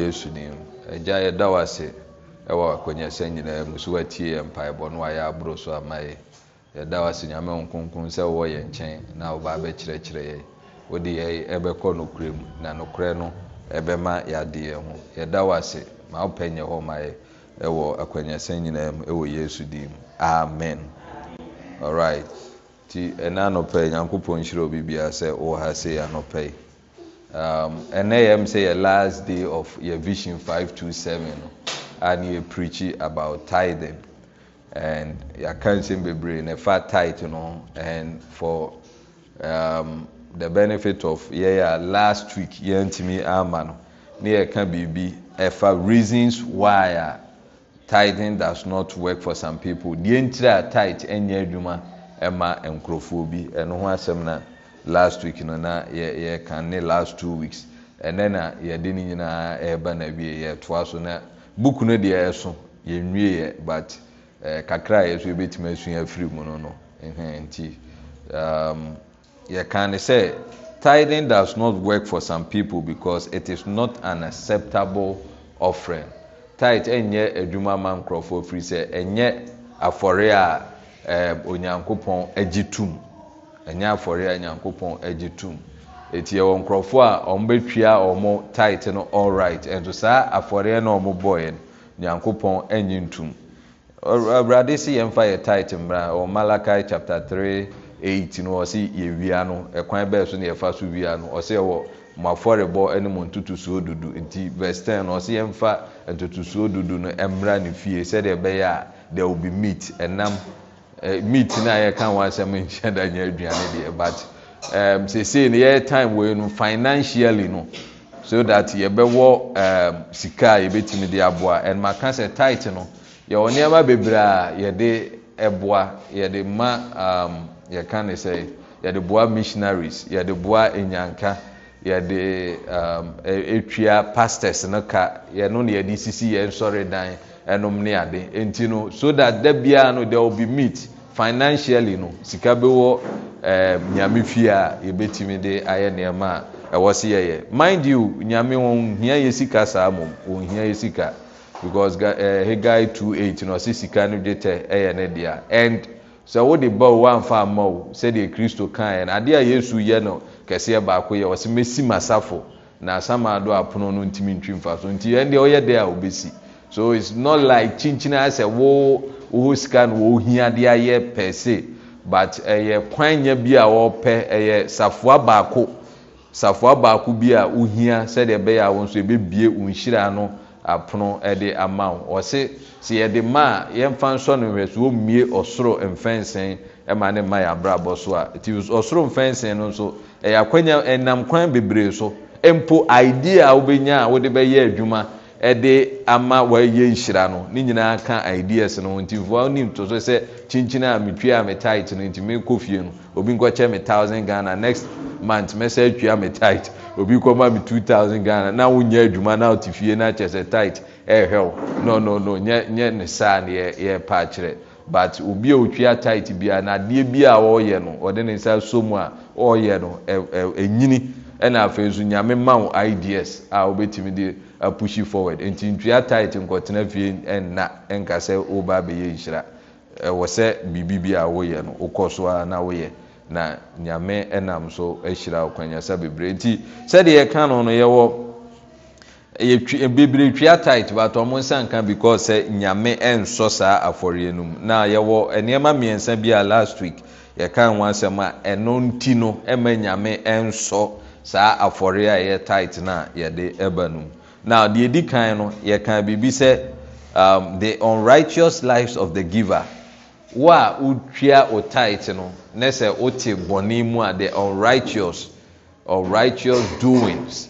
yesu nim agya yɛda w ase ɛwɔ akonyasa nyinaa mu so watie yɛ mpaebɔ no ayɛ aboro so ama amayɛ yɛda w ase nyame wo kronkron sɛ wowɔ yɛ nkyɛn na wobaabɛkyerɛkyerɛ yɛ wode yɛ ɛbɛkɔ nokorɛ mu na nokorɛ no ɛbɛma yɛade yɛn ho yɛda w ase ma wopɛ nyɛ hɔ mayɛ ɛwɔ akwanyasa nyinaa mu ɛwɔ yesu din amen alright nti ɛna anɔpɛ nyankopɔn nhyirɛ obi biaa sɛ wowɔ ha sei anɔpɛi ɛnɛ yɛm um, say yɛ last day of yɛ vision 527 no a ne yɛ preachi about tithing and yɛaka nsɛm bebree na ɛfa tithe no and for um, the benefit of yɛyɛ a last week yɛntumi ama no ne yɛka biribi ɛfa reasons why a uh, tithing does not work for some people deɛ ntira a tithe ɛnyɛ adwuma eh, ɛma eh, nkurɔfoɔ bi ɛno eh, ho asɛm na last week no na yɛka ne last two weeks ɛnɛ na yɛde ne nyinaa ɛreba na wie yɛtoa so na book no deɛ ɛso yɛnwieɛ but eh, kakra a yɛ so yɛbɛtumi asua afiri mu no no nti um, yɛka ne sɛ tithing does not work for some people because it is not an acceptable offering tithe ɛnyɛ adwuma ma nkurɔfoɔ firi sɛ ɛnyɛ afɔre a eh, onyankopɔn agye tum ɛnyɛ afɔre a nyankopɔn agye tom ɛti yɛwɔ nkurɔfoɔ a ɔmbɛtwia ɔmo tit no allright ɛnso saa afɔreɛ na ɔmobɔeɛ no nyankopɔn anyi ntom awurade si yɛmfa yɛ tight mmra ɔ malaki chapter 3:8 no ɔse yɛwia no ɛkwan bɛɛ so no yɛfa so wia no ɔsɛ yɛwɔ mo afɔrebɔ ne mo ntotosuo dudu nti verse 10 no ɔse yɛmfa ntotosuo dudu no mmra ne fie sɛdeɛ ɛbɛyɛ a there will be meat ɛnam Eh, meat na a yɛka ho asɛm nhyɛ da nyɛ aduane deɛ but um, seesei no yɛyɛ time wei no financially no so that yɛbɛwɔ um, sika a yɛbɛtumi de aboa and maka sɛ tight no yɛwɔ nneɛma bebree a yɛde ɛboa yɛde ma um, yɛka ne sɛ yɛde boa missionaries yɛde boa enyanka yɛde ɛtwia e-, pastors no ka yɛno na yɛde sisi yɛn sɔre dan ɛnom ne ade nti no so that da biara no there will be meat financially no sika bɛwɔ nyame fie a yɛbɛtumi de ayɛ nneɛma a ɛwɔ se yɛyɛ mind you nyame wɔn hia yɛ sika saa mom wɔn hia yɛ sika because Haggai 2:8 na ɔsi sika no dwetɛ ɛyɛ ne dea and sɛ wode ba o wamfa ama o sɛdeɛ kristo kaeɛ no adeɛ a yesu yɛ no kɛseɛ baako yɛ ɔsɛ mɛsi masafo na asama do apono no ntumi ntwi mfa so nti ɛn deɛ ɔyɛ deɛ a obɛsi so it's not like kyinkyina sɛ wo wo sika no wohia de ayɛ pɛ se but ɛyɛ kwan nya bi a wɔpɛ ɛyɛ safoa baako safoa baako bi a wohia sɛdeɛ ɛbɛyɛ a wɔn nso ebebie nhyira no apono ɛde e ama wo ɔse sɛ yɛde ma a yɛmfa nsɔ no hwɛ so wɔmmie ɔsoro mfɛnsee ɛma ne ma yɛ abrabɔ so a ti ɔsoro mfɛnsee no nso ɛyɛ e akwanya ɛnam e kwan bebree so mpo idea a wobɛnya a wode bɛyɛ adwuma ɛde ama wɔayɛ nhyira no ne nyinaa ka ideas no ho ntimfoɔ wonim to so sɛ kyinkyini a metwa a me tit no nti mekɔ fie no obi nkɔkyɛ me 1000 ghana next month mɛsɛ atwa me tit obi kɔma me 2000 ghana na wonyɛ adwuma na wote fie no akyɛ sɛ tit ɛhwɛw no no no nyɛ ne saa ne yɛpa akyerɛ but obi a otwa tit bia na adeɛ bi a ɔreyɛ no ɔde ne nsa so mu a ɔreyɛ no ɛnyini ɛna afei nso nyame ma wo ideas a wobɛtumi de apusyi uh, forward nti ntua tit nkɔtena fie nna ɛnka sɛ woba bɛyɛ nhyira ɛwɔ sɛ bi a woyɛ no wokɔ so a na woyɛ na nyame nam so ahyira wokwanyasa bebree nti sɛdeɛ yɛka no no yɛwɔ bebree twia tight tit batɔmo nsa nka because sɛ nyame nsɔ saa afɔreɛ no mu na yɛwɔ eh, nneɛma mmiɛnsa bi a last week yɛka ho asɛm a ɛno nti no ma nyame nsɔ saa afɔre a yɛ tight na a yɛde ɛba no mu now deɛ ɛdi kan no yɛka biribi sɛ um, the unrighteous lives of the giver wo a wotwa o tight no ne sɛ wote bɔne mu a the unrighteous unrighteous doings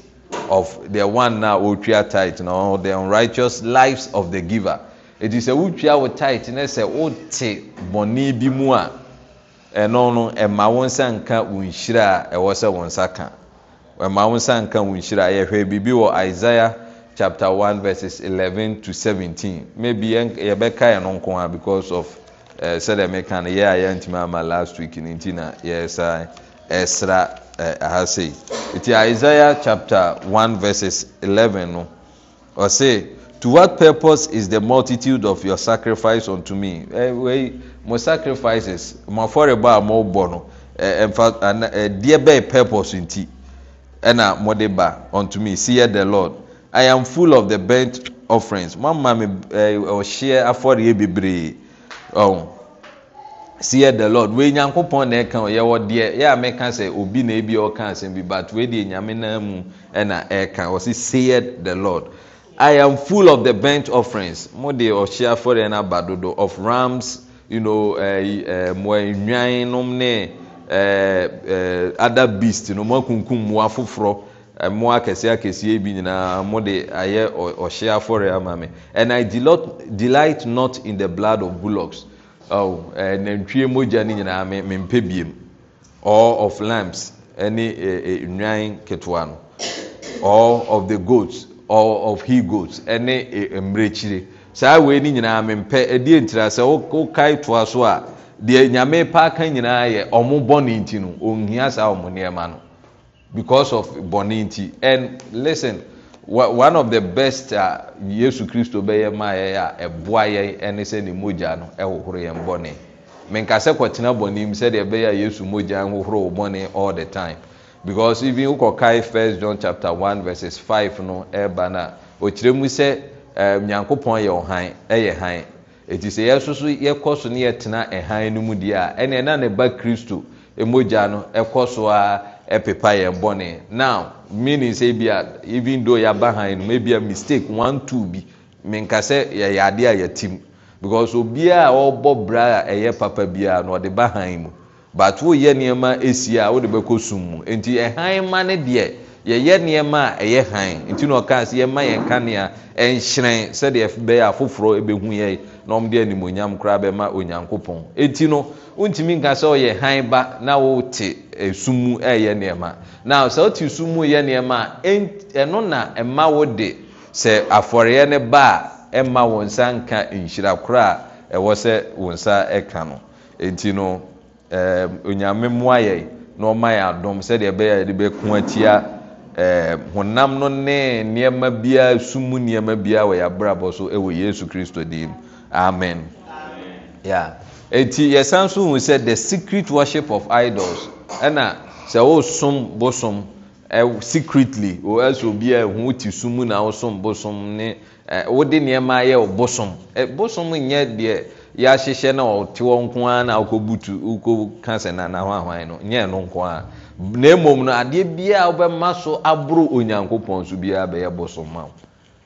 of the one na wotwa tight no the unrighteous lives of the giver ɛti sɛ wotwa wo tit ne sɛ wote bɔne bi mu a ɛno no ɛma wo nsa nka wo nhyira a ɛwɔ sɛ wo nsa ka ma wo nsa nka wo nhyira yɛhwɛ biribi wɔ isaia chapter one verses eleven to seventeen. maybe yɛbɛka yɛ no nko a because of eh, sɛdeɛ meka no yɛ a yɛntumi ama last week no nti na yɛsa ɛsra eh, ha sei nti isaia chapter one verses eleven no ɔse to what purpose is the multitude of your sacrifice unto me eh, wei mo sacrifices mo afɔrebɔ a mobɔ no ɛmfa ɛdeɛ bɛyɛ purpose nti ɛna mode ba unto me see the lord i am full of the burnt offerings mama mi ɔhyeɛ afɔreɛ bebree ɔn see the lord wei nyankopɔn na ɛka yɛ wɔ deɛ yɛ a mɛka sɛ obi na ebi ɔka asɛm bi but wei deɛ nyame nan mu ɛna ɛka ɔsi see the lord i am full of the burnt offerings mo de ɔhyeɛ afɔreɛ na ba dodo of rams you know ɛɛ ɛɛ mmoa nnwan nom ne. Eh, eh, other beast no moakunkum mmoa eh, foforɔ mmoa akɛseɛ akɛseɛ bi nyinaa mode ayɛ ɔhye afɔre ama me and i delight not in the blood of bullocks oh, nantwie mogya no nyinaa mempɛ biem or of lamps ne nnwan ketewa no or of the goats or of he goats ne mmerɛkyire saa wei no nyinaa mempɛ ɛdeɛ ntira sɛ wokae toa so a deɛnyame paa ka nyinaa yɛ ɔmo bɔne nti no ɔnhia saa ɔmo nnoɔma no because of bɔneti ɛn listn one of the best a uh, yesu kristo bɛyɛ maayɛ a ɛboa yɛ ne sɛne mogya no hohoro yɛn bɔne menka sɛ kɔtena bɔnenm sɛdeɛ bɛyɛ a yesu mogyahohoro wo bɔne all the time because evwokɔkae 1s jon chapter 1 v 5 no ba no a ɔkyerɛ mu sɛ nyankopɔn yɛ ɔhan yɛ hane Eti sɛ yɛsoso yɛkɔ so no yɛtena ɛhan no mu deɛ a ɛneɛ na ne ba kristo mogya no ɛkɔ so a ɛpepa yɛn bɔne now meaning sɛ bia even though yɛaba han no mebia mistake one two bi menka sɛ yɛyɛ adeɛ a yɛtim because obiaa a ɔbɔ bra a ɛyɛ papa biara no ɔde ba hann mu but woyɛ nnoɔma ɛsi a wode bɛkɔ sum mu ɛnti ɛhan ma no deɛ yɛyɛ nnoɔma a ɛyɛ hann nti na ɔkaa sɛ yɛma yɛn kanea ɛnhyerɛn sɛdeɛ bɛyɛ afoforɔ bɛhu yɛi na ɔmde animonyam koraa bɛma onyankopɔn no nka sɛ ɔyɛ hann ba na yɛ na sɛ yɛ a ɛno na ɛma wo de sɛ afɔreɛ ne ba a ɛma wo nsa nka nhyira kora a ɛwɔ sɛ wo nsa ɛka no ɛnti no onyame mmoayɛ na ɔma yɛ sɛdeɛ ɛbɛyɛ atia honam no ne amen eti yɛsan so hu sɛ the secret worship of idols ɛna sɛ wosom bosom secretly ɛsɛ obiaa hu ti so mu na wosom bosom ne wode nnoɔma yɛ wo bosom bosom nyɛ deɛ yɛahyehyɛ na ɔte wɔ nko ara na wokɔbutuwokɔka sɛ nana na ahwan no nyɛ no nko a na mmom no adeɛ biaa wobɛma so aboro onyankopɔn so biara bɛyɛ bosom ma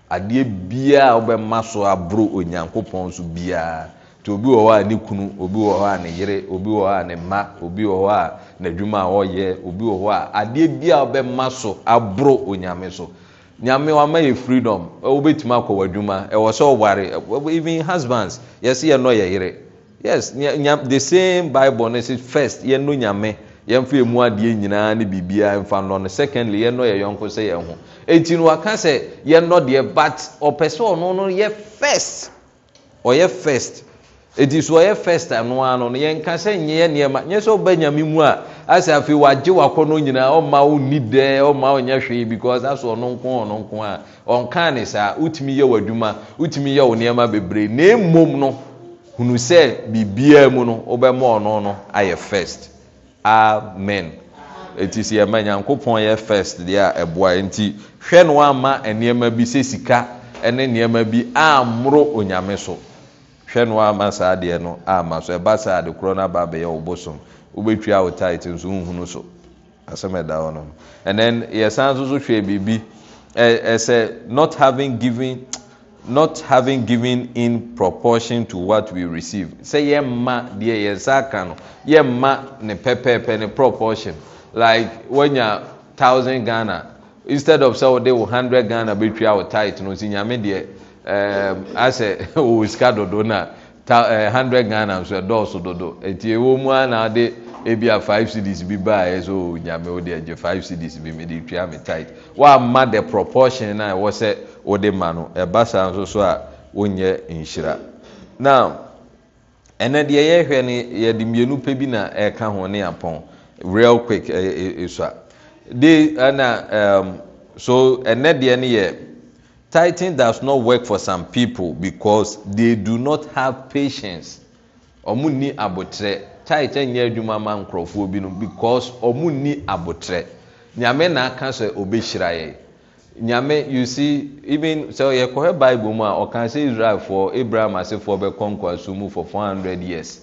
adeɛ biaa wobɛma so aborɔ onyankopɔn so biara nti obi wɔ hɔ a ne kunu obi wɔ hɔ a ne yere obi wɔ hɔ a ne ma, obi wɔ hɔ a n'adwuma a ɔyɛ obi wɔ hɔ a adeɛ biaa wobɛma so aborɔ onyame so nyame wama yɛ freedom wobɛtumi akɔ w'adwuma ɛwɔ sɛ ɔware even husbands yɛse yɛnɔ yɛ yere yes the same bible no sɛ first yɛnɔ nyame yɛmfa emu adeɛ nyinaa ne bibia nfa nnɔ no secondly yɛnɔ yɛ yɔnko sɛ yɛ ho ɛnti no waka sɛ yɛnɔ deɛ but ɔpɛ sɛ ɔno no yɛ first ɔyɛ first ɛti so ɔyɛ first ano no yɛnka sɛ nyɛyɛ nnoɔma nyɛ sɛ nyame mu a asɛ afei wagye nyinaa ɔma dɛ ɔma hwee because asɛ ɔno amen ɛti sɛ yɛma nyankopɔn yɛ first deɛ a ɛboa nti hwɛ no ama nnoɔma bi sɛ sika ne nnoɔma bi ammoro onyame so hwɛ no ama saa deɛ no ama so ɛba saa ade korɔ no abaabɛyɛ wo wobɛtwa wo tit nso wohunu so asɛm ɛda hɔ no ɛnɛ yɛsan nso so hwɛ biribi ɛsɛ not having given not having given in proportion to what we receive sɛ yɛmma deɛ yɛsa ka no ma ne pɛpɛɛpɛ ne proportion like woanya thousand ghana instead of say wode wo hundred ghana bɛtwia wo tight no nti nyame deɛ um, asɛ wɔ sika dodo na eh, hundred ghana nso ɛdɔɔso dodo nti ɛwɔ mu a ade ebi a five cds bi ba ayɛ so nyame o deɛ gye five cds bi mi de twia mi tight wama the proportion na ɛwɔ sɛ o de ma no ɛba saa nso so a onyɛ nhyira now ɛnɛ deɛ yɛhwɛ no yɛde mmienu pɛ bi na ɛka ho ne apɔn real quick ɛɛ esua de ɛna ɛɛm so ɛnɛ deɛ no yɛ tithing does not work for some people because they do not have patience ɔmo ni abotire. kyɛekyɛ nyɛ adwuma ma nkurɔfoɔ n'o because ɔmo nni abotrɛ nyame naaka sɛ ɔbɛhyira yɛ nyame you see even sɛ yɛkɔhwɛ bible mu a ɔka sɛ israelfoɔ abraham asefoɔ bɛkɔ nkoaso mu for hundred years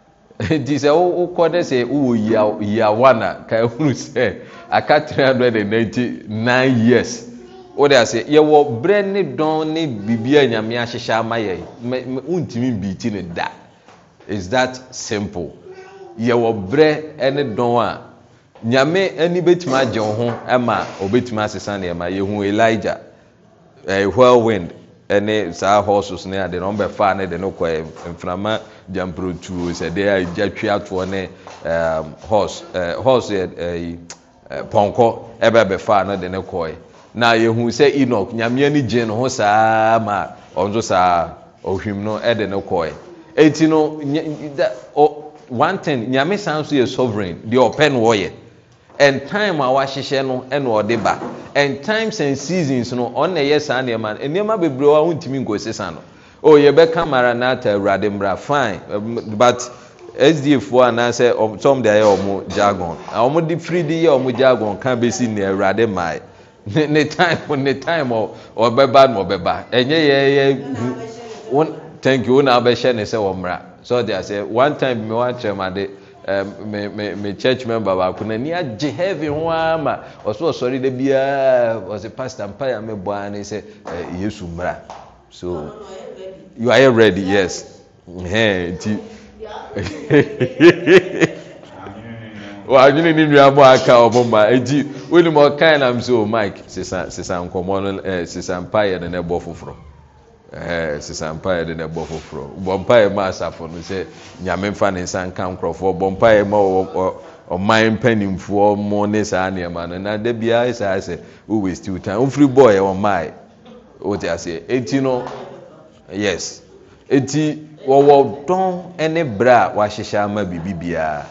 nti sɛ wokɔ dɛ sɛ wowɔ yiawan a kaahunu sɛ aka nine years wode asɛ yɛwɔ berɛ ne dɔn ne biribia nyame ahyehyɛ ama yɛ wontumi ti no da is that simple yɛwɔ brɛ ne dɔn a nyame ni bɛtumi agyew ho maa ɔbɛtumi asesaneɔma yɛhu eligja eh, wwilwind ne saa horses ne a de n ɔmbɛfaa no de ne kɔɛ mframa gyamprɛtuo sɛ deɛ aagya twe atoɔ ne ehm, horse yɛ eh, eh, pɔnkɔ ɛbɛbɛfaa no de ne kɔɛ na yɛhu sɛ enoc nyaneɛne gyee ne ho saa ma a ɔnso saa ɔhim no ɛde ne kɔɛ ɛnti no 110 nyame san nso yɛ sovereign deɛ ɔpɛ no wɔyɛ and time a wahyehyɛ no ɛna ɔde ba and times and seasons no ɔn na ɛyɛ saa nneɛma no nneɛma bebree a wontumi nkɔ sesa no o oh, yɛbɛka mara nata awurade mbra fine um, but sdfoɔ anaasɛ sɔm de ayɛ ɔmo jargon a ɔmo de firi de yɛ ɔmo jargon ka bɛsi ne awurade mmaa ne time ne time ɔbɛba na ɔbɛba ɛnyɛ yɛ yɛ thank you wɔn na abɛhyɛ ne sɛ ɔmmra so ɔde aseɛ one time mi wa kyerɛ mu ade me me me church member baako n'ani agye heavy ho ama ɔso ɔsɔre de eh, biara ɔsɛ pastor mpaeɛ mi bɔ ara ne sɛ yesu mmra so you are ready yes nti wadwene ne nua bɔ aka ɔmo ma eti wɔnim ɔkan nam so mike sisan sisan nkɔmɔ no sisan mpaeɛ no na ɛbɔ foforɔ. Eh, sesa mpaeɛ de no ɛbɔ foforɔ bɔ mpaeɛ ma asafo no sɛ nyame mfa ne nsa nka nkurɔfoɔ bɔ mpaeɛ ma ɔman mpanimfoɔ mo ne saa nneɛma no na da biara ɛsaa e sɛ wowɛ stiw time wofiri bɔɔ yɛ ɔmae wote aseɛ eti no yes eti wɔwɔ dɔn ne brɛ a wɔahyehyɛ ama biribi biara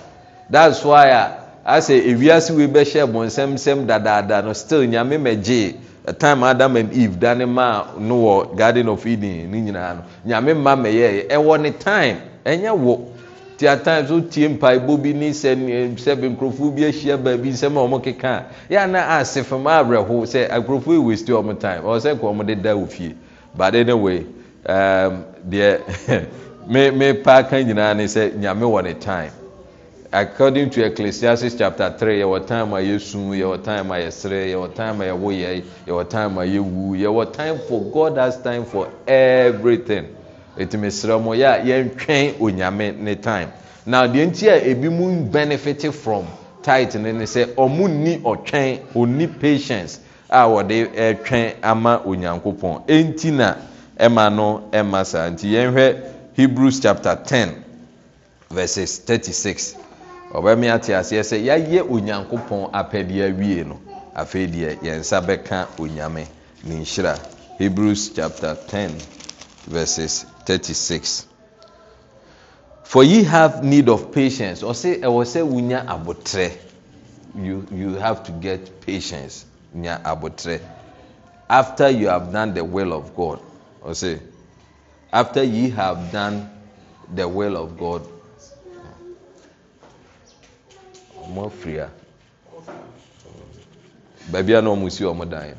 that's why a asɛ ewiase wei bɛhyɛ bɔnsɛmsɛm dadaada no still nyame mɛgyee time adam and eve dane ma no wɔ garden of eden ne nyinaa no nyame ma mɛyɛɛ ɛwɔ ne time ɛnyɛ wo ti a time so tie mpaebɔ bi ne sɛ sɛbi nkurɔfoɔ bi ahyia baabi nsɛm a wɔn keka a yɛ ana asefama awerɛho sɛ nkurɔfoɔ yi waste wɔn time ɔwɔ sɛ mo de da ofie but anyway um, deɛ me me paaka nyinaa ne sɛ nyame wɔ ne time. according to ecclesiastes chapter 3 your time a yɛsum your time a yɛsere your time a yɛwo yɛ yɛwɔ time a yɛwu yɛwɔ time for god has time for everything ɛtumi srɛ mo yɛ a yɛntwɛn onyame ne time now deɛ nti a ebi mu benefit from tight ne ne sɛ ɔmo nni ɔtwɛn onni patience a wɔde ɛtwɛn ama onyankopɔn ɛnti na ɛma no ɛma saa nti yɛnhwɛ hebrews chapter 10 verses 36 ate aseɛ sɛ yɛayɛ onyankopɔn apɛdeɛ awie no afei deɛ bɛka onyame ne nhyira hebrews chapter 10 verses 36 for ye have need of patience ɔse ɛwɔ you you have to get patience after you have done the will of god say, after ye have done the will of god moafiri a baabi a na ɔmusi ɔ mo dan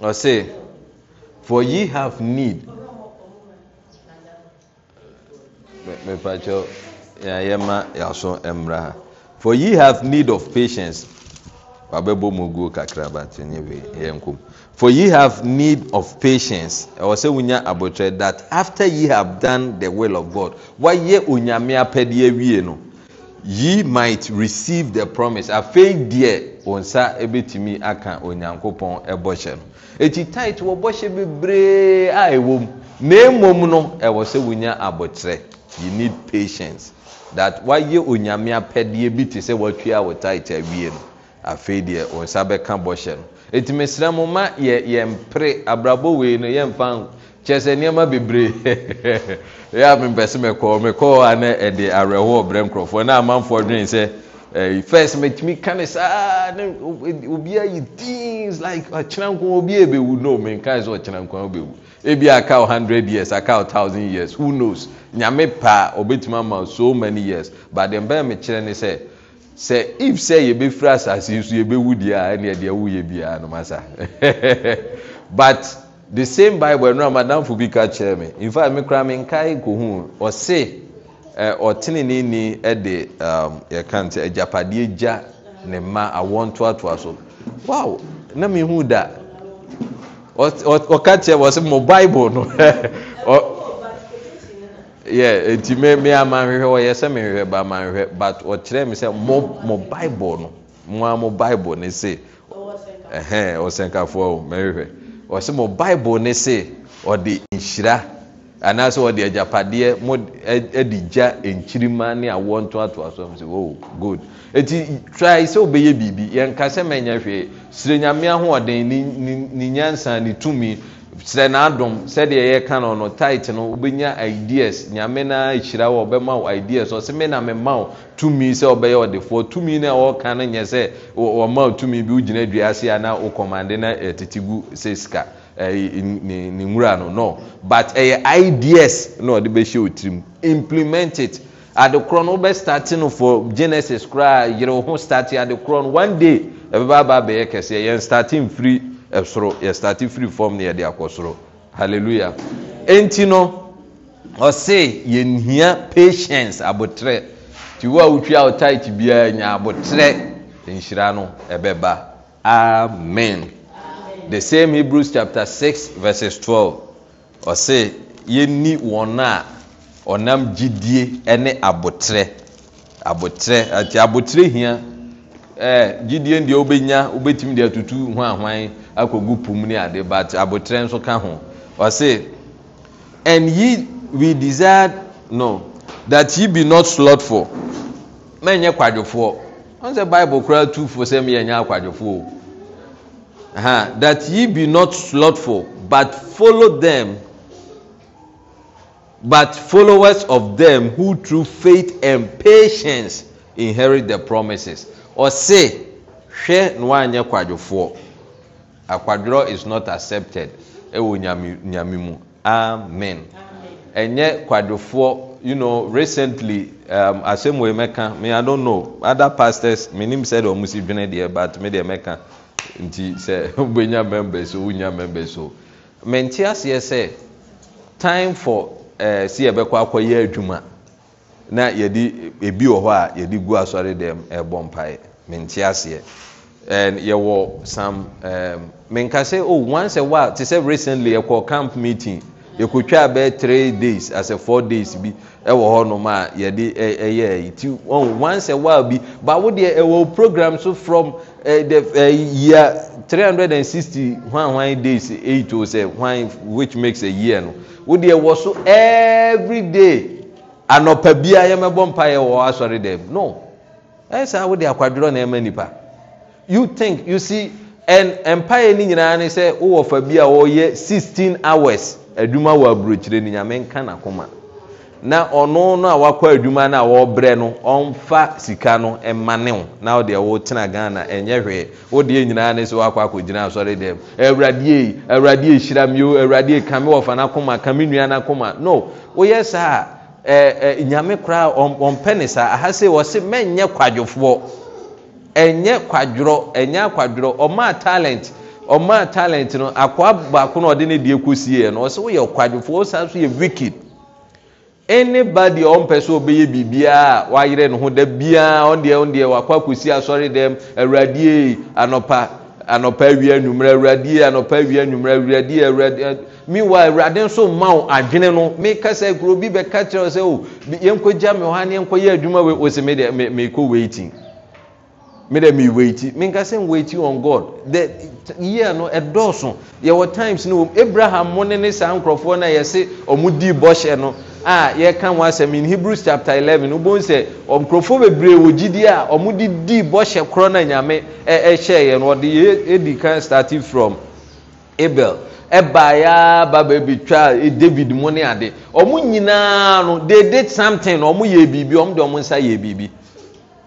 no ɔse for ye have need mepakyɛw ma. yɛaso mmra ha for ye have need of patience wabɛbɔ muguo kakrabatneyɛnkom for ye have need of patience ɛwɔ sɛ wonya abɔtrɛ that after ye have done the will of god woayɛ onyame apɛdeɛ awie no ye might receive the promise afei deɛ wo nsa bɛtumi aka onyankopɔn bɔhyɛ no ɛti tit wɔbɔhyɛ bebree a ɛwɔm na mmom no ɛwɔ sɛ wonya abɔkyerɛ you need patience that woayɛ onyame apɛdeɛ bi te sɛ woatwa a wo tit awie no afei deɛ wɔn nsa bɛka bɔhyɛ no eti mesra mo ma yɛ yɛmpere abrabɔ wei no yɛmfa kyɛ sɛ nneɛma bebree yɛ a mepɛ sɛ mɛkɔɔ mɛkɔɔ a na ɛde awerɛhoɔ brɛ nkurɔfoɔ na amanfoɔ dwen sɛ ɛɛ eh, first mɛtumi ka ne saa ne obi ayi things like ɔkyerɛ nkwa obi ebewu no mɛnka sɛ ɔkyerɛ nkwa obewu ebi aka hundred years aka thousand years who knows nyame paa obetuma ma so many years but deɛ mbɛn mɛkyerɛ ne sɛ sɛ if sɛ yɛbɛfiri asase nso yɛbɛwu deɛ a ɛneɛ deɛ woyɛ biaa nomasa but the same bible ɛno amadamfo bi ka kyerɛ me infact me koraa menkae kɔhuu ɔse ɔtenene ni de um, yɛka nti agyapadeɛ gya ne mma awɔ ntoatoa so wow na mi mehuu da ɔka kyerɛ wɔ sɛ mo bible no nti me amanhwehwɛ ɔyɛ sɛ mehwehwɛ ba amanhwehwɛ but ɔkyerɛɛ me sɛ mo bible no mo a mo bible ne se ɔsɛnkafoɔ mɛhwehwɛ ɔsɛ mo bible ne se ɔde nhyira anaasɛ ɔde agyapadeɛ mo adi gya nkyirima ne awoɔ ntoatoaso m sɛ o good ɛnti try sɛ wobɛyɛ biribi sɛ hwee tumi kyerɛ n'adom sɛdeɛ yɛka no no tit no wobɛnya ideas nyame noa hyira wɔ ɔbɛma wo ideas ɔsɛ me na memma wo tumi sɛ ɔbɛyɛ ɔdefoɔ tumi no a wɔka no nyɛ sɛ ɔma wo tumi bi wogyina duase a na wo kɔmmande no ɛtete eh, gu sɛ sika eh, ne nwura no no but ɛyɛ ideas na ɔde bɛhyɛ wo tirim implement it adekorɔ no wobɛ starte no for genesis koraa yere wo ho starte adekorɔ no one day ɛbɛbɛ aba abɛyɛ kɛseɛ yɛn starte mfiri ɛsoro yɛstate fri fam no yɛde akɔ soro halleluya ɛnti no ɔse yɛnhia patience abotrɛ nti wo a wotwa a wotit biara nya abotrɛ nhyira no ɛbɛba amen the same hebrews chapter six, verses 12 ɔse yɛnni wɔn a ɔnam gyidie ne abotrɛ abotrɛ nti abotrɛ hia gyidie deɛ wobɛnya wobɛtumi deɛ atutu ho ahwan akɔgu pum ne ade but abotrɛ nso ka ho ɔse and ye we desire no that ye be not slothful mɛnyɛ kwadwofoɔ ɔn sɛ bible koraa tu fo sɛ meyɛnyɛ akwadwofoɔ o that ye be not slothful but follow them but followers of them who through faith and patience inherit the promises ɔse hwɛ na wanyɛ kwadwofoɔ. akwadworɔ is not accepted wɔ nyame mu amen ɛnyɛ know recently um, asɛmei mɛka me i don know other pastors menim sɛde ɔmu si dwene deɛ but me deɛ mɛka nti sɛ wobɛnya member so wonya member so mente aseɛ sɛ time for eh, si yɛbɛkɔ akɔyɛ adwuma na yɛde ebi wɔ hɔ a yɛde gu asɔre dɛm ɛbɔ mpaeɛ mente aseɛ yɛwɔ some um, menka sɛ oh, once a while te sɛ recently yɛkɔ camp meeting yɛkɔtwaa bɛɛ three days as a four days bi eh, wɔ hɔnom a yɛde eh, eh, yɛ ti oh, once a while bi but wodeɛ ɛwɔ program so from yia three hundred and sixty hwan hwan days eight o sɛ hwan which makes a year no wodeɛ wɔ so every day anɔpa bia yɛmɛbɔ mpa yɛ wɔ asɔre dɛm no ɛsan wode akwadorɔ na ɛma nipa. you think you see and empire ni nyinaa ne sɛ wowɔ fa bi a wɔyɛ 16 hours adwuma wɔ aburokyire ni nyame nka n'akoma na ɔno no a wakɔ adwuma no a wɔrebrɛ no sika no ɛma ne ho na tena ghana ɛnyɛ hwee wodeɛ nyinaa sɛ wakɔ akɔgyina asɔre dɛm yi mi o awurade kame wɔfa n'akoma kame nua n'akoma no woyɛ saa ɛɛ nyame koraa ɔmpɛ ne saa mɛnyɛ kwadwofoɔ. ɛnyɛ kwadworɔ ɛnyɛ akwadworɔ ɔmaa talent ɔmaa talent no akoa baako na ɔde ne deɛ kɔsieɛ no ɔsɛ woyɛ kwadwofoɔ wosan so yɛ wicked anybody ɔmpɛ sɛ ɔbɛyɛ biribiaa a wayerɛ ne ho da biara ɔndeɛ ɔndeɛ wakɔ akɔsi asɔre dɛm awuradee anɔpa anɔpa awia anwummerɛ awuradee anɔpa awia anwummerɛ awuradee awurade eh, meanwhile awurade nso mma wo adwene no meka kasa kuro bi bɛka kyerɛ wo sɛ o oh, yɛnkɔgya me hɔ a ne yɛnkɔyɛ adwuma wei wo se me deɛ mekɔ waiting mi miwɛiti menka sɛ nwɛiti on god The year no ɛdɔɔso yɛwɔ times no abraham mo ne ne saa nkurɔfoɔ no a yɛse ɔmo dii bɔhyɛ no a yɛka ho asɛm in hebrews chapter 11 wobɛhu sɛ nkurɔfoɔ bebree wɔ gyidie a ɔmode dii bɔhyɛ korɔ no nyame hyɛeɛ no ɔde ɛdi kan starting from abel ɛbaeɛa ba baabi twaa e, david mu ne ade ɔmo nyinaa no they did something na ɔmo yɛ biribi ɔmo de ɔmo nsa yɛ biribi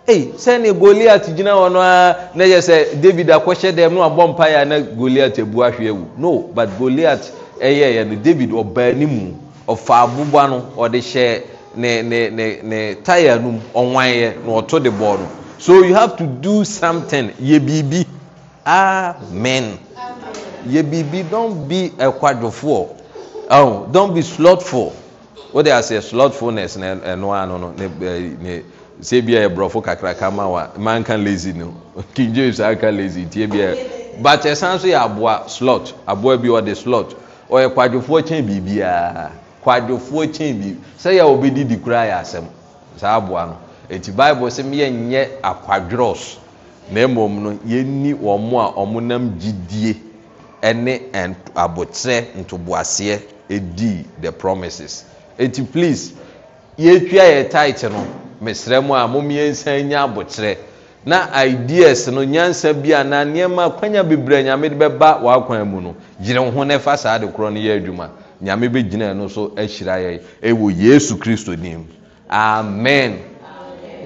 ei sɛne goliat gyina hɔ no ara na yɛ sɛ david akɔhyɛ dɛm no abɔ mpaeɛ a na goliat abu ahwe awu no but goliat ɛyɛ yɛ no david ɔbaa ne mu ɔfa aboba no ɔde hyɛ ne ne ne ne taya no mu ɔwaneɛ na ɔto de bɔɔ no so you have to do something yɛ biribi amen yɛ biribi don be ɛkwadwofoɔ oh don be slothful wɔde asɛ slothfulness na ɛno ano no ne ɛɛ ne sɛ bia yɛ borɔfo kakraka ma wa manka lazy no king james anka lazy tie bia but ɛsan so yɛ aboa slot aboa bi ɔde slot ɔyɛ kwadwofoɔ kyɛn biribiara kwadwofoɔ kyɛn biribi sɛ yɛ ɔbɛdidi koraa yɛ asɛm saa aboa no eti bible sɛ yɛ nyɛ akwadros na mmom no yɛni wɔn a wɔn nam gyidie ɛne abotire ntoboaseɛ edi the promises eti please yɛtwa yɛ tight no. mesrɛ m a momiɛnsa nya abokyerɛ na ideas no nyansa bi na nnoɔma kwanya bebree nyamede bɛba wakwan mu no gyere wo ho no ɛfa saa de korɔ no yɛ adwuma nyame bɛgyinaa no so ahyira yɛ wɔ yesu kristo nim amen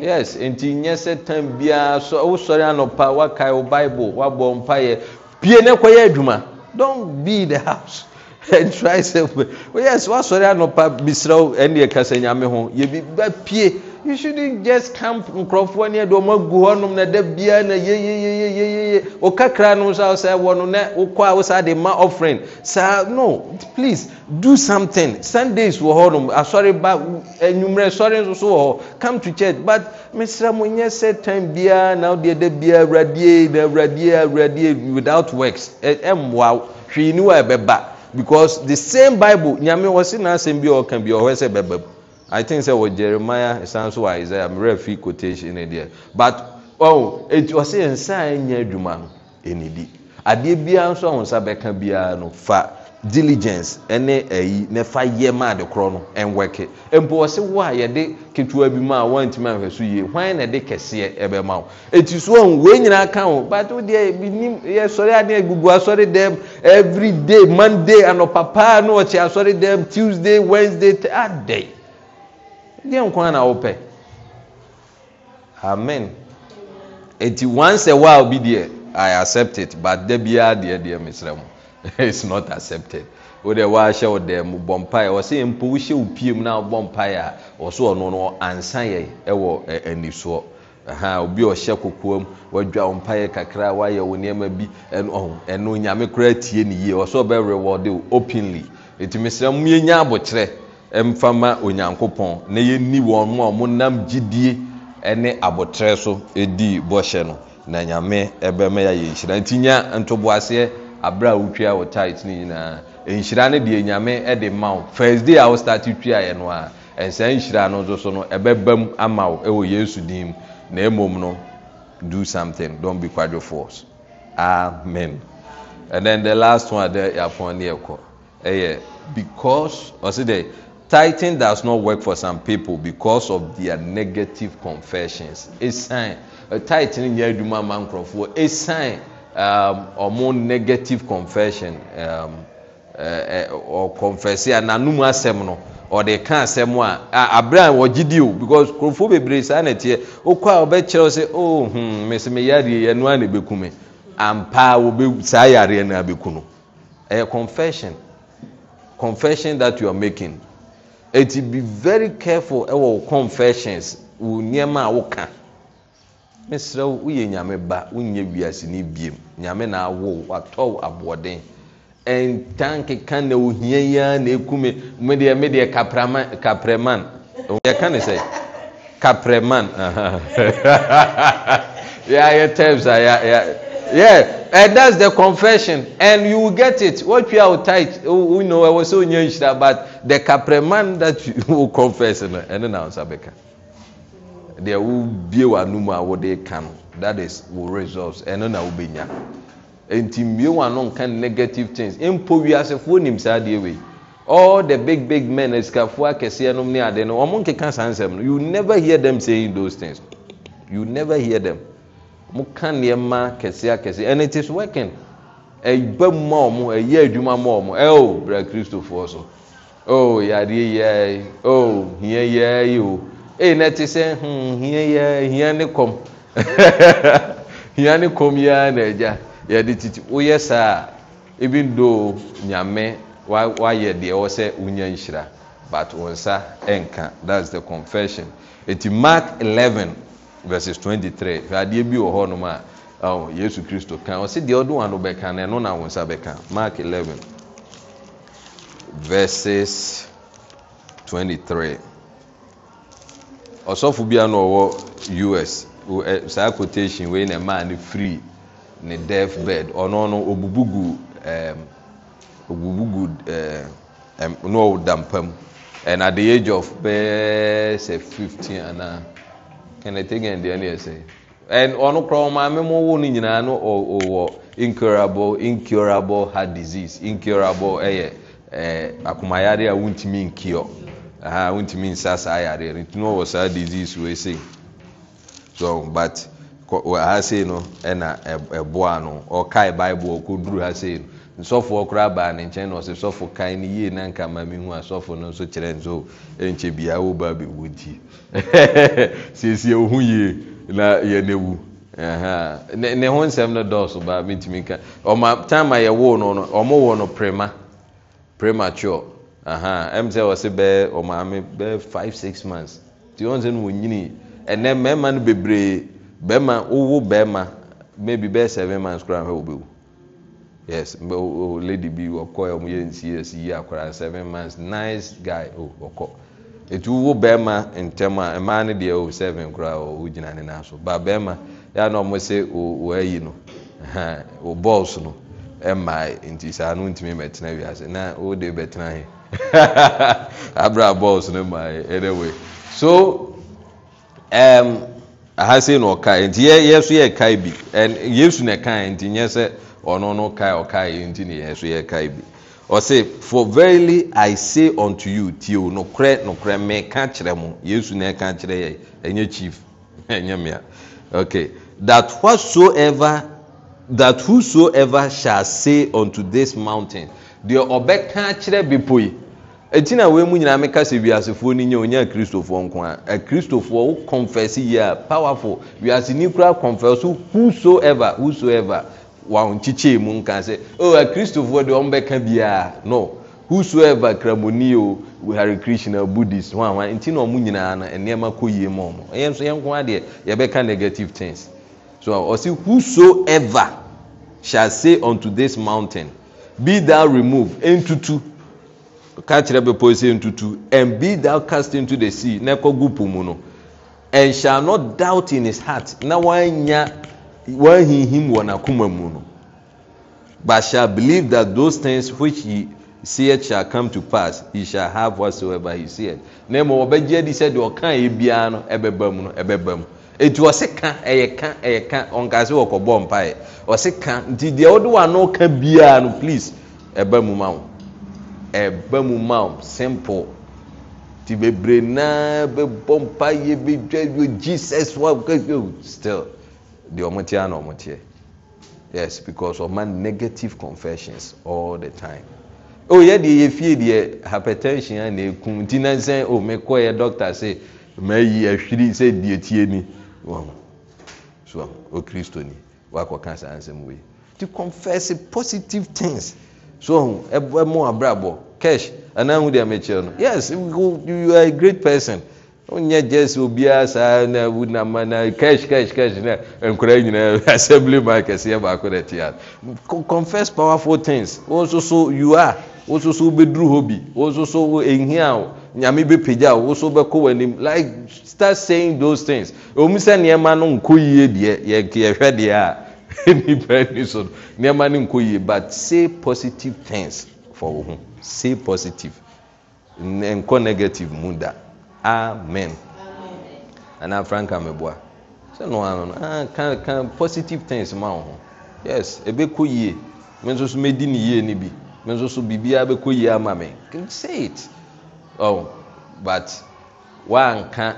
yes ɛnti nyɛ sɛ tan biara wosɔre anɔpa woakae wo bible woabɔ mpayɛ pie no kɔyɛ adwuma don be the house and try self yes woasɔre anɔpa bisrɛ wo ɛndeɛ kasa nyame ho yɛbiba pie you shouldn't just camp nkurɔfoɔ ne ɛde ɔmo agu hɔnom na da biara na yeyeyeyeyeye o kakra no nso sɛ ɛwɔ no na okɔ a wosan de ma offering saa no please do something sundays wɔ hɔnom asɔre ah, ba enumerɛ eh, sɔre nso so wɔ hɔ come to church but mesra mo nyɛ sɛ time biara na ɔde ɛda biara awuradie na awuradie awuradie without works ɛmmoa eh, eh, hwee ni wa ɛbɛba because the same bible nyame wɔsi na asɛm bi a ɔka bi ɔhɔ sɛ bɛba mu i think say wɔ jeremiah san so wɔ isaiah mmerɛ fi quotation ne deɛ but oh, eti ɔsɛ yɛn nsa a ɛnyɛ adwuma no ɛnidi adeɛ biara nso ahun nsa bɛka biara no fa diligence ɛne ɛyi ne fa yɛ maa de korɔ no ɛnwɛke mpo ɔsɛ wa a yɛde ketewa bi mu a wɔntumi ahwɛ so yie hwan na ɛde kɛseɛ ɛbɛma wo eti so ɔn wei nyinaa ka ho but o deɛ ebi nim yɛ sɔre adeɛ gugu asɔre dɛm every day monday anɔpapa ano ɔkyɛ asɔre dɛm tuesday wednesday adɛɛ deɛ nkwa na wopɛ amen eti once a while bi deɛ i accept it but da biara deɛ deɛ mesrɛ mo it's not accepted wo deɛ wahyɛ wo dɛm mu bɔ mpaeɛ wɔ mpo wohyɛ wo piem na wobɔ mpaeɛ a wɔso ɔno no ansa yɛ ɛwɔ anisoɔ obi ɔhyɛ kokoa mu wadwa wo kakra wayɛ wo nneɛma bi ɛno ɛno nyame koraa tie ne yie ɔsɛ ɔbɛrewɔde openly ɛti mesrɛ mo yɛnya abokyerɛ mfama onyankopɔn na yɛnni wɔn mo a monam gyidie ne abotrɛ so ɛdii bɔhyɛ no na nyame bɛma yɛayɛ nhyira nti nya ntoboaseɛ aberɛ a wotwa wɔ tit no nyinaa nhyira no deɛ nyame de ma wo firsday a wo state twaeɛ no a ɛnsaa nhyira no nso so no ɛbɛbam ama wo ɛwɔ yesu din mu na mmom no do something don't be quadrophobes amen and then the last one a yɛapɔn ne yɛkɔ ɛyɛ because ɔsi dɛ Tithing does not work for some people because of their negative confessions. Esan tithing yɛ adwuma ama nkurɔfoɔ. Esan um, ɔmo negative confession um, uh, or confession a nanum asɛm no ɔde ka asɛm a a abira wɔgye di o because nkurɔfoɔ bebree saa na teɛ okɔ a ɔbɛkyerɛw sɛ oh hmm mesi mi yareɛ yɛ noa na ebeku mi ampa obe saa yareɛ na ebeku no ɛyɛ confession confession that you are making ɛti be very careful ɛwɔ wo confessions wo nneɛma a woka mesrɛ wo woyɛ nyame ba wonyɛ wiaseni biem nyame na awowo watɔwo aboɔden ɛnta nkeka na ohia yia na ɛkume medeɛ medeɛ kaprɛman yɛka ne sɛ kaprɛman yɛayɛ times a nthats the confession n you gɛt it wota wotiwɔ sɛ onyanhyira but the kaprɛ man thawo cɔnfes noɛnnanska deɛwobiwanom awodeka no aesv ɛnnawobɛya ntimiewanonka negative tins mpiasɛfnimsadewei l the bigbig men asikafɔ akɛseɛnom neade nmonkeka sanesm no vh moka nneɛma kɛseakɛse ɛn itis workin ba mu ma ɔ mo ɛyɛ adwuma ma ɔ mo ɛo brɛ kristofoɔ so yɛadeɛ yɛi hia yɛi o no ɛte sɛ hia ne kɔm hia ne kɔm yɛa na agya yɛde titi woyɛ saa a eventhough nyame wayɛ deɛ wɔ sɛ wonya nhyira but wo nsa ɛnka thats the confession ɛnti mark 11 verses 23 hwɛ adeɛ bi wɔ hɔnom a ɔn yesu kristo ka ɔsi deɛ ɔde wɔn ano bɛka na ɛno na wɔn nsa bɛka mark eleven. verses 23 ɔsɔfo bi ano ɔwɔ us saa quotation wei na ɛmaa no free ne death bed ɔno no obubu gu ɛɛm obubu gu ɛɛm no ɔwɔ dampam and at the age of bɛɛ sɛ 15 anaa. kenetgan deɛ ne ɛsɛe ɔno korɔ ɔmaa me mɔwo no nyinaa no ɔwɔ incurable incurable heart disease incurable eh, yɛ eh, akomayare uh-huh, a nsa saa saa disease wei so but ha sei no ɛna eh, ɛboa no ɔkae bible duru ha no nsɔfoɔ koraa baa ne nkyɛn na ɔsɛ sɔfo kan no yie na nka ma mehu a sɔfo no nso kyerɛ nso nkyɛ biaa wo baa bɛwu nti siesie wo yie na yɛne wu ne ho nsɛm no dɔɔso baa mentumi nka ɔma time a yɛwoo no no ɔmo wɔ no prema premature ɛm sɛ ɔse bɛɛ ame bɛɛ five six months nti ɔn sɛ no wɔnyini ɛnɛ mmarima no bebree bɛrima wowo bɛrima maybe bɛɛ seven months koraa hɛ wobɛwu yes mbɛ o lady bi ɔkɔ yɛ ɔmo yɛ ncs yi akwaraa seven months nice guy o ɔkɔ etu wo bɛrima ntɛm a mmaa no deɛ o seven koraa o o gyina ne nan so ba bɛrima yɛ na ɔmo sɛ o o ayi no ɛhan o balls no ɛmmaa nti saa no ntumi bɛtena wiase na o de bɛtena he abra balls no mmaa anyway so ɛm um, aha sei na ɔka nti yɛ yɛ so yɛ kae bi ɛn yesu na ɛka nti nyɛ sɛ ɔno no kae ɔkae nti ne yɛn so yɛ kae bi ɔse for verily i say unto you tio nokorɛ nokorɛ meka kyerɛ mo yesu na ɛka kyerɛ yɛ ɛnyɛ chief ɛnyɛ mmea okay that whatsoever that whosoever shall say unto this mountain deɛ ɔbɛka kyerɛ bepɔ yi ɛti e na wɔn mu nyinaa meka sɛ wiasefoɔ no nyɛ onyaa kristofoɔ nko a akristofoɔ e wo confess yie powerful wiase ni kura confess whosoever whosoever wɔnkyekyɛe mu nka sɛ oh, akristofoɔ deɛ ɔmbɛka biaa no whosoever kramoni o hare krishna buddhist ho aha nti na ɔmo nyinaa no nnoɔma kɔ yie ma ɔmo ɛyɛ nso yɛnko adeɛ yɛbɛka negative things so ɔsi whosoever shall say unto this mountain be thou removed ntutu ka kyerɛ bepɔ sɛ ntutu and be thou cast into the sea na ɛkɔ gu po mu no and shall not doubt in his heart na wanya wɔahinhim wɔ n'akoma mu no but shall believe that those things which he seeth shall come to pass he shall have whatsoever he seeth na mmom ɔbɛgye adi sɛ deɛ ɔka yɛ biara no ɛbɛba mu no ɛbɛba mu etu ɔsi ka ɛyɛ ka ɛyɛ ka ɔnkaase wɔ kɔbɔ mpaeɛ ɔsi ka nti deɛ ɔde wɔn ano ka biara no please ɛba mu ma wo ɛba mu ma wo simple ti bebree naa bɛbɔ mpaeɛ bɛdwa yɛ jesus wa still deɛ ɔmote a na ɔmoteɛ yes because ɔma negative confessions all the time oh yɛ deɛ yɛfie deɛ hypertension a na ekum ti na nsɛn oh mekɔ yɛ doctor sɛ mayi ahwiri sɛ deɛ tie ni wɔn so okristo ni wakɔ ka saa nsɛm wei to confess positive things so ɛbɔ ɛmo abrabɔ cash anahu deɛ mekyerɛ no yes you are a great person wonyɛ gyes obiara saa na awu nama na cash cash cash na nkora nyinaa assembly man kɛseɛ baako na tia confess powerful things wɔn nso so you are wɔn nso so bɛduru hɔ bi wɔn nso so ehia nyame bɛpagya wɔn nso bɛkɔ wɔn anim like start saying those things wɔn sɛ nneɛma no nkɔ yie deɛ yɛ yɛhwɛ deɛ a nipa ni so nneɛma no nkɔ yie but say positive things for wɔn say positive nkɔ negative mu da amen anaa franka meboa sɛ no Ah, no ka positive things ma wo ho yes ɛbɛkɔ yie me nso so mɛdi ne yie no bi me nso so biribiara bɛkɔ yie ama me say it oh but woanka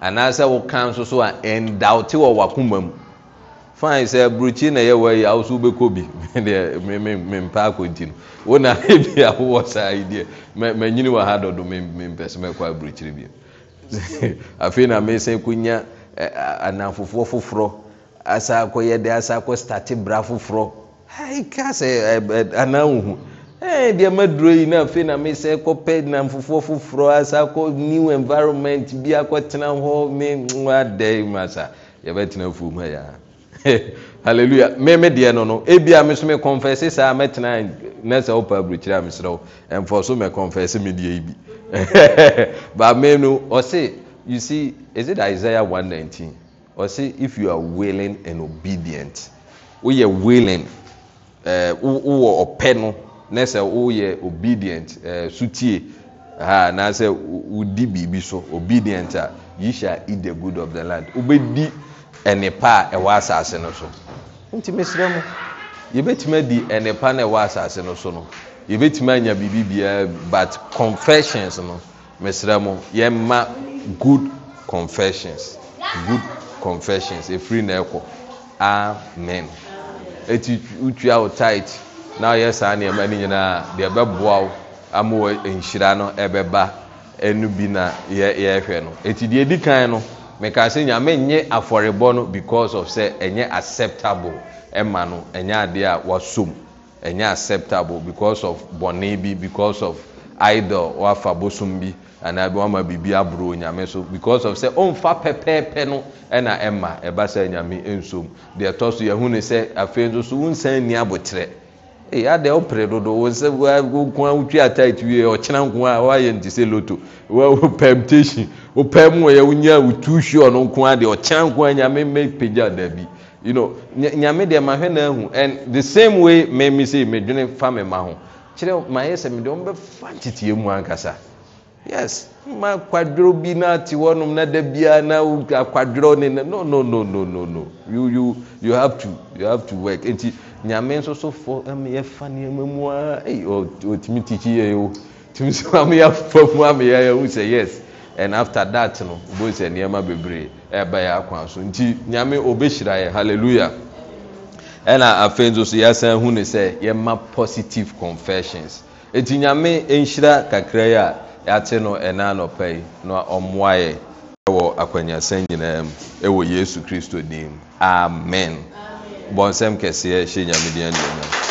anaasɛ woka nso so a ɛndawote wɔ wakoma mu f sɛ abrkyiri na yɛyi wo swoɛkɔbi epɛɔieɛayini dɔd mempɛsemkɔabrkri iimesɛ kɔnya anamfofoɔ foforɔ asakɔ yɛd asakɔ state bra foforɔɛaiineskɔpɛ nafofɔ fofrɔkɔne envirment biakɔtena hɔ meadmsa yɛbɛtena afomɛ Hallelujah. meme deɛ no no ebia me so me kɔnfɛse saa mɛtena na sɛ wopɛ aburokyire a mesrɛ wo ɛmfɔ so me kɔnfɛse me deɛ yi bi but me no ɔse you see is it Isaiah 119 ɔse if you are willing and obedient woyɛ willing ɛɛ wowɔ ɔpɛ no na sɛ woyɛ obedient ɛɛ eh, sutie ha anaasɛ wodi biribi so obedient a ah, you shall eat the good of the land wobɛdi. ɛnepa a ɛwɔ asase no so ntimesrɛ mu yɛbɛtumi adi ɛnepa na ɛwɔ asase no so no yɛbɛtumi anya biribibiaa but confessions no mesrɛ mu yɛmma good confessions good confessions ɛfiri na ɛkɔ amen Eti wotua wo tit na woyɛ saa nneɛma no nyinaa deɛ ɛbɛboa wo ama wɔ nhyira no ɛbɛba ɛno bi na yɛhwɛ no eti deɛ edi kan no mekaa sɛ nyamenyɛ afɔrebɔ no because of say ɛnyɛ acceptable ma no ɛnyɛ a wasom ɛnyɛ acceptable because of bɔne bi because of idol wafa bosom bi anaa bi wama biribi aboro nyame so because of say ɔmfa pɛpɛɛpɛ no ɛna ɛma ɛba sɛ nyame nsom deɛ ɛtɔ so yɛhu ne sɛ afei nso so wonsan nni abotrɛ ee ada ɔpere dodo wosɛ wie a sɛ loto pɛmtation opɛ mɛnyaɔt ɔno ndeɛ ɔkea nameɛpgadabinyamede mahɛ neaun the same way si medwene fame ma ho kyerɛmayɛsɛede ɔɛfa ntitemua nkasaaakwadwɛ bi ntenndainakwaɛn nyame nso sofmɛfneaaɔmi ah, tkɛɛfamuɛhs and after that no bo sɛ eh, nnoɔma bebree ɛba yɛ akwa so nti nyame ɔbɛhyira yɛ halleluja ɛna afei nso so yɛasan hu ne sɛ yɛma positive confessions ɛnti nyame ɛnhyira kakra yi a yɛate no ɛna nɔpa yi na ɔmmoayɛ ɛwɔ akwanyasa nyinaa mu ɛwɔ yesu kristo dim amen bɔnsɛm kɛseɛ hyɛ nyamedea nneɔma